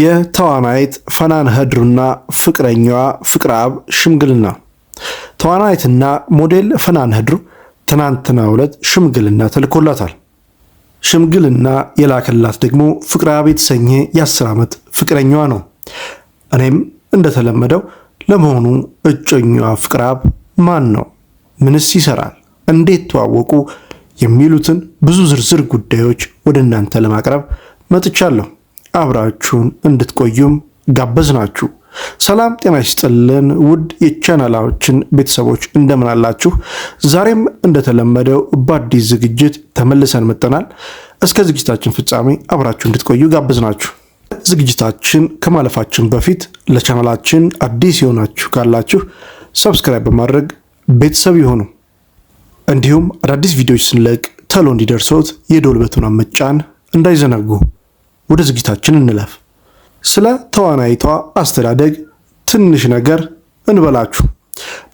የተዋናይት ፈናን ህድሩና ፍቅረኛዋ ፍቅረአብ ሽምግልና። ተዋናይትና ሞዴል ፈናን ህድሩ ትናንትና ዕለት ሽምግልና ተልኮላታል። ሽምግልና የላከላት ደግሞ ፍቅረአብ የተሰኘ የአስር ዓመት ፍቅረኛዋ ነው። እኔም እንደተለመደው ለመሆኑ እጮኛዋ ፍቅረአብ ማን ነው? ምንስ ይሰራል? እንዴት ተዋወቁ? የሚሉትን ብዙ ዝርዝር ጉዳዮች ወደ እናንተ ለማቅረብ መጥቻለሁ። አብራችሁን እንድትቆዩም ጋበዝ ናችሁ። ሰላም ጤና ይስጥልን ውድ የቻናላችን ቤተሰቦች እንደምን አላችሁ? ዛሬም እንደተለመደው በአዲስ ዝግጅት ተመልሰን መጥተናል። እስከ ዝግጅታችን ፍጻሜ አብራችሁ እንድትቆዩ ጋበዝ ናችሁ። ዝግጅታችን ከማለፋችን በፊት ለቻናላችን አዲስ የሆናችሁ ካላችሁ ሰብስክራይብ በማድረግ ቤተሰብ የሆኑ እንዲሁም አዳዲስ ቪዲዮዎች ስንለቅ ተሎ እንዲደርሶት የደወል በቱን መጫን እንዳይዘነጉ ወደ ዝግጅታችን እንለፍ። ስለ ተዋናይቷ አስተዳደግ ትንሽ ነገር እንበላችሁ።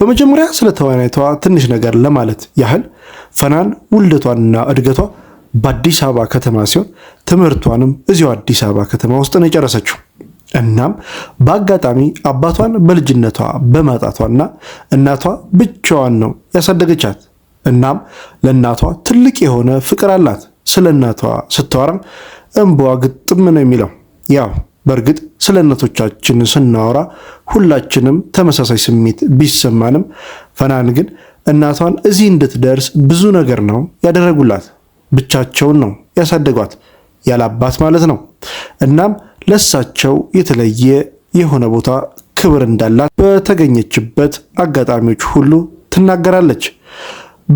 በመጀመሪያ ስለ ተዋናይቷ ትንሽ ነገር ለማለት ያህል ፈናን ውልደቷንና እድገቷ በአዲስ አበባ ከተማ ሲሆን ትምህርቷንም እዚሁ አዲስ አበባ ከተማ ውስጥ ነው የጨረሰችው። እናም በአጋጣሚ አባቷን በልጅነቷ በማጣቷና እናቷ ብቻዋን ነው ያሳደገቻት። እናም ለእናቷ ትልቅ የሆነ ፍቅር አላት። ስለ እናቷ ስታወራም እንቧ ግጥም ነው የሚለው። ያው በእርግጥ ስለ እናቶቻችን ስናወራ ሁላችንም ተመሳሳይ ስሜት ቢሰማንም ፈናን ግን እናቷን እዚህ እንድትደርስ ብዙ ነገር ነው ያደረጉላት። ብቻቸውን ነው ያሳደጓት ያላባት ማለት ነው። እናም ለሳቸው የተለየ የሆነ ቦታ ክብር እንዳላት በተገኘችበት አጋጣሚዎች ሁሉ ትናገራለች።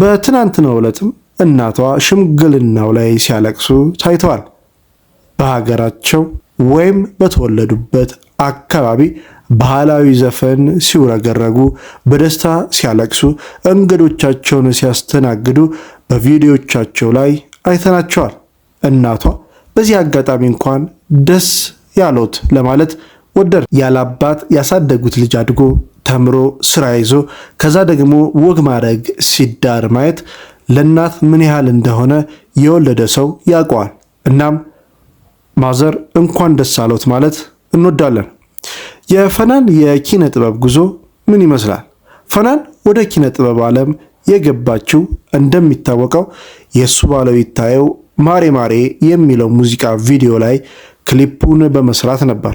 በትናንትናው ዕለትም እናቷ ሽምግልናው ላይ ሲያለቅሱ ታይተዋል። በሀገራቸው ወይም በተወለዱበት አካባቢ ባህላዊ ዘፈን ሲውረገረጉ፣ በደስታ ሲያለቅሱ፣ እንግዶቻቸውን ሲያስተናግዱ በቪዲዮቻቸው ላይ አይተናቸዋል። እናቷ በዚህ አጋጣሚ እንኳን ደስ ያሎት ለማለት ወደር ያላባት ያሳደጉት ልጅ አድጎ ተምሮ ስራ ይዞ ከዛ ደግሞ ወግ ማድረግ ሲዳር ማየት ለእናት ምን ያህል እንደሆነ የወለደ ሰው ያውቀዋል። እናም ማዘር እንኳን ደስ አለዎት ማለት እንወዳለን። የፈናን የኪነ ጥበብ ጉዞ ምን ይመስላል? ፈናን ወደ ኪነ ጥበብ ዓለም የገባችው እንደሚታወቀው የእሱ ባለው ይታየው ማሬ ማሬ የሚለው ሙዚቃ ቪዲዮ ላይ ክሊፑን በመስራት ነበር።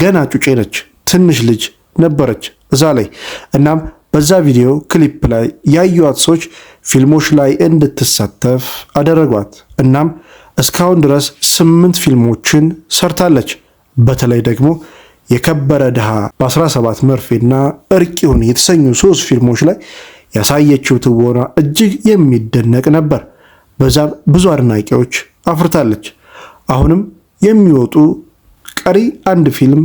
ገና ጩጬ ነች፣ ትንሽ ልጅ ነበረች እዛ ላይ። እናም በዛ ቪዲዮ ክሊፕ ላይ ያዩዋት ሰዎች ፊልሞች ላይ እንድትሳተፍ አደረጓት። እናም እስካሁን ድረስ ስምንት ፊልሞችን ሰርታለች። በተለይ ደግሞ የከበረ ድሃ በ17 መርፌና እርቂውን የተሰኙ ሶስት ፊልሞች ላይ ያሳየችው ትወና እጅግ የሚደነቅ ነበር። በዛም ብዙ አድናቂዎች አፍርታለች። አሁንም የሚወጡ ቀሪ አንድ ፊልም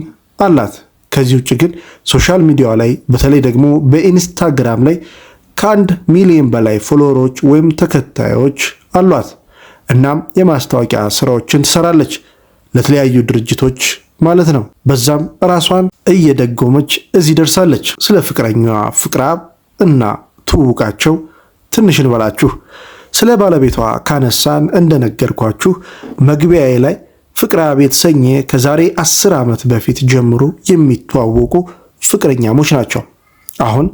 አላት። ከዚህ ውጭ ግን ሶሻል ሚዲያ ላይ በተለይ ደግሞ በኢንስታግራም ላይ ከአንድ ሚሊዮን በላይ ፎሎወሮች ወይም ተከታዮች አሏት። እናም የማስታወቂያ ስራዎችን ትሰራለች ለተለያዩ ድርጅቶች ማለት ነው። በዛም ራሷን እየደጎመች እዚህ ደርሳለች። ስለ ፍቅረኛዋ ፍቅራ እና ትውውቃቸው ትንሽ እንበላችሁ። ስለ ባለቤቷ ካነሳን እንደነገርኳችሁ መግቢያዬ ላይ ፍቅራብ የተሰኘ ከዛሬ አስር ዓመት በፊት ጀምሮ የሚተዋወቁ ፍቅረኛሞች ናቸው። አሁን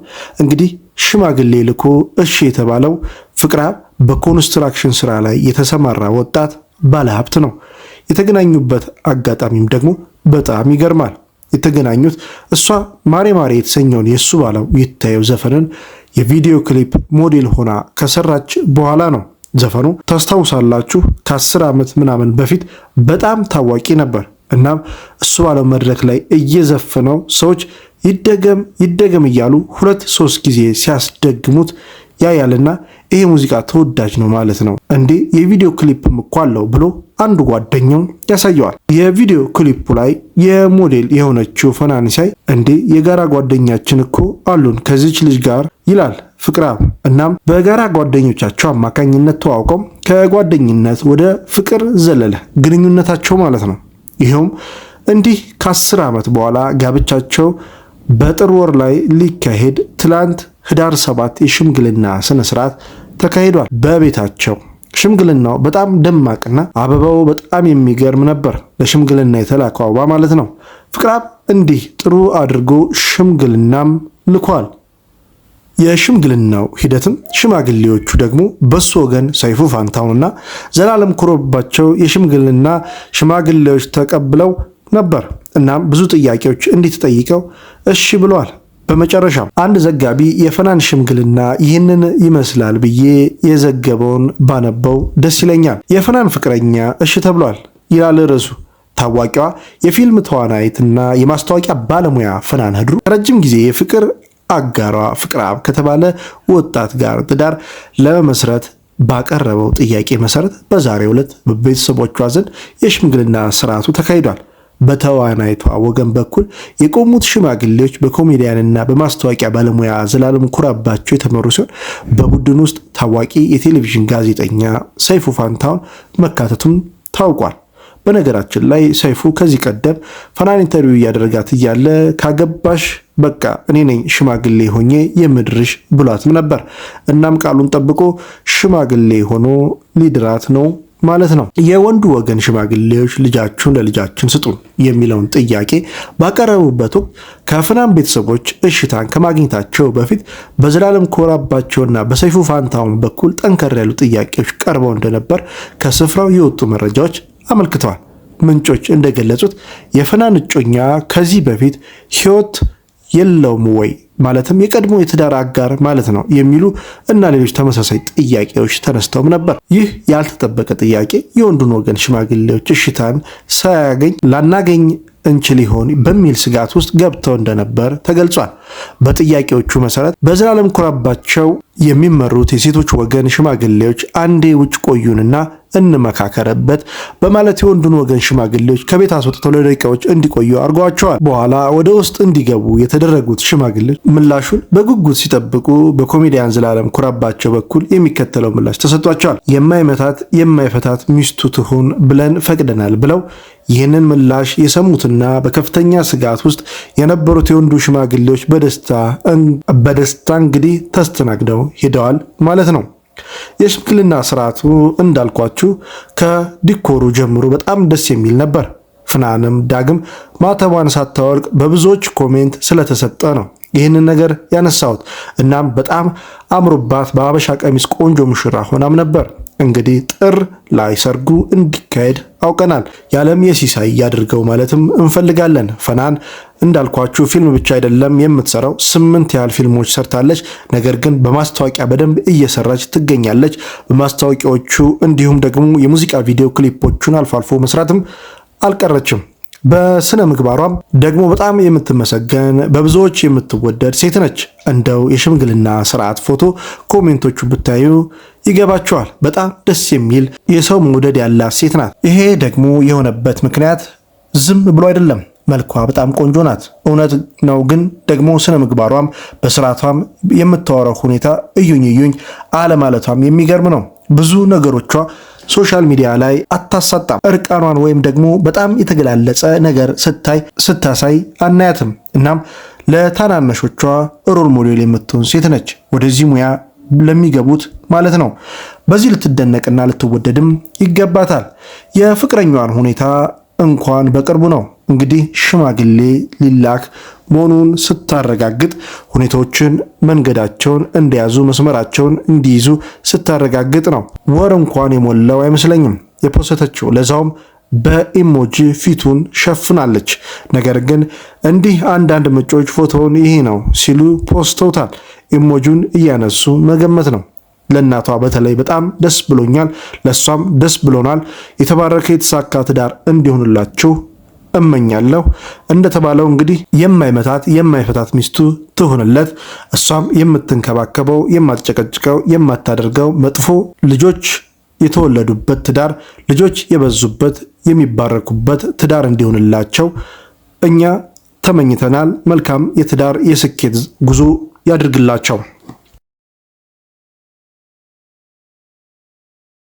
እንግዲህ ሽማግሌ ልኮ እሺ የተባለው ፍቅርአብ በኮንስትራክሽን ስራ ላይ የተሰማራ ወጣት ባለሀብት ነው። የተገናኙበት አጋጣሚም ደግሞ በጣም ይገርማል። የተገናኙት እሷ ማሬ ማሬ የተሰኘውን የእሱ ባለው ይታየው ዘፈንን የቪዲዮ ክሊፕ ሞዴል ሆና ከሰራች በኋላ ነው። ዘፈኑ ታስታውሳላችሁ ከአስር ዓመት ምናምን በፊት በጣም ታዋቂ ነበር። እናም እሱ ባለው መድረክ ላይ እየዘፈነው ሰዎች ይደገም ይደገም እያሉ ሁለት ሶስት ጊዜ ሲያስደግሙት ያያልና ይሄ ሙዚቃ ተወዳጅ ነው ማለት ነው እንዴ የቪዲዮ ክሊፕም እኮ አለው ብሎ አንዱ ጓደኛው ያሳየዋል። የቪዲዮ ክሊፑ ላይ የሞዴል የሆነችው ፈናንሳይ እንዴ የጋራ ጓደኛችን እኮ አሉን ከዚች ልጅ ጋር ይላል ፍቅራብ። እናም በጋራ ጓደኞቻቸው አማካኝነት ተዋውቀው ከጓደኝነት ወደ ፍቅር ዘለለ ግንኙነታቸው ማለት ነው። ይኸውም እንዲህ ከአስር ዓመት በኋላ ጋብቻቸው በጥር ወር ላይ ሊካሄድ ትላንት ህዳር ሰባት የሽምግልና ስነስርዓት ተካሂዷል በቤታቸው። ሽምግልናው በጣም ደማቅና አበባው በጣም የሚገርም ነበር። ለሽምግልና የተላከው አበባ ማለት ነው። ፍቅራብ እንዲህ ጥሩ አድርጎ ሽምግልናም ልኳል። የሽምግልናው ሂደትም ሽማግሌዎቹ ደግሞ በሱ ወገን ሰይፉ ፋንታውንና ዘላለም ኩሮባቸው የሽምግልና ሽማግሌዎች ተቀብለው ነበር። እናም ብዙ ጥያቄዎች እንዲህ ተጠይቀው እሺ ብሏል። በመጨረሻም አንድ ዘጋቢ የፈናን ሽምግልና ይህንን ይመስላል ብዬ የዘገበውን ባነበው ደስ ይለኛል። የፈናን ፍቅረኛ እሽ ተብሏል ይላል ርዕሱ። ታዋቂዋ የፊልም ተዋናይትና የማስታወቂያ ባለሙያ ፈናን ህድሩ ረጅም ጊዜ የፍቅር አጋሯ ፍቅርአብ ከተባለ ወጣት ጋር ትዳር ለመመስረት ባቀረበው ጥያቄ መሰረት በዛሬው ዕለት በቤተሰቦቿ ዘንድ የሽምግልና ስርዓቱ ተካሂዷል። በተዋናይቷ ወገን በኩል የቆሙት ሽማግሌዎች በኮሜዲያንና በማስታወቂያ ባለሙያ ዘላለም ኩራባቸው የተመሩ ሲሆን በቡድን ውስጥ ታዋቂ የቴሌቪዥን ጋዜጠኛ ሰይፉ ፋንታውን መካተቱም ታውቋል። በነገራችን ላይ ሰይፉ ከዚህ ቀደም ፈናን ኢንተርቪው እያደረጋት እያለ ካገባሽ በቃ እኔ ነኝ ሽማግሌ ሆኜ የምድርሽ ብሏትም ነበር። እናም ቃሉን ጠብቆ ሽማግሌ ሆኖ ሊድራት ነው ማለት ነው። የወንዱ ወገን ሽማግሌዎች ልጃችሁን ለልጃችን ስጡን የሚለውን ጥያቄ ባቀረቡበት ወቅት ከፍናን ቤተሰቦች እሽታን ከማግኘታቸው በፊት በዘላለም ኮራባቸውና በሰይፉ ፋንታውን በኩል ጠንከር ያሉ ጥያቄዎች ቀርበው እንደነበር ከስፍራው የወጡ መረጃዎች አመልክተዋል። ምንጮች እንደገለጹት የፍናን እጮኛ ከዚህ በፊት ሕይወት የለውም ወይ ማለትም የቀድሞ የትዳር አጋር ማለት ነው የሚሉ እና ሌሎች ተመሳሳይ ጥያቄዎች ተነስተውም ነበር። ይህ ያልተጠበቀ ጥያቄ የወንዱን ወገን ሽማግሌዎች እሽታን ሳያገኝ ላናገኝ እንችል ይሆን በሚል ስጋት ውስጥ ገብተው እንደነበር ተገልጿል። በጥያቄዎቹ መሰረት በዘላለም ኩራባቸው የሚመሩት የሴቶች ወገን ሽማግሌዎች አንዴ ውጭ ቆዩንና እንመካከረበት በማለት የወንዱን ወገን ሽማግሌዎች ከቤት አስወጥተው ለደቂቃዎች እንዲቆዩ አድርጓቸዋል። በኋላ ወደ ውስጥ እንዲገቡ የተደረጉት ሽማግሌዎች ምላሹን በጉጉት ሲጠብቁ በኮሜዲያን ዘላለም ኩራባቸው በኩል የሚከተለው ምላሽ ተሰጥቷቸዋል። የማይመታት የማይፈታት ሚስቱ ትሁን ብለን ፈቅደናል ብለው ይህንን ምላሽ የሰሙትና በከፍተኛ ስጋት ውስጥ የነበሩት የወንዱ ሽማግሌዎች በደስታ እንግዲህ ተስተናግደው ሄደዋል ማለት ነው። የሽምግልና ስርዓቱ እንዳልኳችሁ ከዲኮሩ ጀምሮ በጣም ደስ የሚል ነበር። ፍናንም ዳግም ማተቧን ሳታወልቅ በብዙዎች ኮሜንት ስለተሰጠ ነው ይህንን ነገር ያነሳሁት። እናም በጣም አምሮባት በአበሻ ቀሚስ ቆንጆ ሙሽራ ሆናም ነበር። እንግዲህ ጥር ላይ ሰርጉ እንዲካሄድ አውቀናል። የዓለም የሲሳይ ያድርገው ማለትም እንፈልጋለን። ፈናን እንዳልኳችሁ ፊልም ብቻ አይደለም የምትሰራው፣ ስምንት ያህል ፊልሞች ሰርታለች። ነገር ግን በማስታወቂያ በደንብ እየሰራች ትገኛለች። በማስታወቂያዎቹ እንዲሁም ደግሞ የሙዚቃ ቪዲዮ ክሊፖቹን አልፎ አልፎ መስራትም አልቀረችም። በስነ ምግባሯም ደግሞ በጣም የምትመሰገን በብዙዎች የምትወደድ ሴት ነች። እንደው የሽምግልና ስርዓት ፎቶ ኮሜንቶቹ ብታዩ ይገባቸዋል። በጣም ደስ የሚል የሰው መውደድ ያላት ሴት ናት። ይሄ ደግሞ የሆነበት ምክንያት ዝም ብሎ አይደለም። መልኳ በጣም ቆንጆ ናት፣ እውነት ነው። ግን ደግሞ ስነ ምግባሯም በስርዓቷም የምታወራው ሁኔታ እዩኝ እዩኝ አለማለቷም የሚገርም ነው። ብዙ ነገሮቿ ሶሻል ሚዲያ ላይ አታሳጣም። እርቃኗን ወይም ደግሞ በጣም የተገላለጸ ነገር ስታይ ስታሳይ አናያትም። እናም ለታናናሾቿ ሮል ሞዴል የምትሆን ሴት ነች፣ ወደዚህ ሙያ ለሚገቡት ማለት ነው። በዚህ ልትደነቅና ልትወደድም ይገባታል። የፍቅረኛዋን ሁኔታ እንኳን በቅርቡ ነው እንግዲህ ሽማግሌ ሊላክ መሆኑን ስታረጋግጥ ሁኔታዎችን መንገዳቸውን እንደያዙ መስመራቸውን እንዲይዙ ስታረጋግጥ ነው። ወር እንኳን የሞላው አይመስለኝም የፖሰተችው ለዛውም በኢሞጂ ፊቱን ሸፍናለች። ነገር ግን እንዲህ አንዳንድ ምንጮች ፎቶውን ይሄ ነው ሲሉ ፖስተውታል። ኢሞጁን እያነሱ መገመት ነው። ለእናቷ በተለይ በጣም ደስ ብሎኛል፣ ለእሷም ደስ ብሎናል። የተባረከ የተሳካ ትዳር እንዲሆንላችሁ እመኛለሁ። እንደተባለው እንግዲህ የማይመታት የማይፈታት ሚስቱ ትሁንለት፣ እሷም የምትንከባከበው የማትጨቀጭቀው የማታደርገው መጥፎ ልጆች የተወለዱበት ትዳር ልጆች የበዙበት የሚባረኩበት ትዳር እንዲሆንላቸው እኛ ተመኝተናል። መልካም የትዳር የስኬት ጉዞ ያድርግላቸው።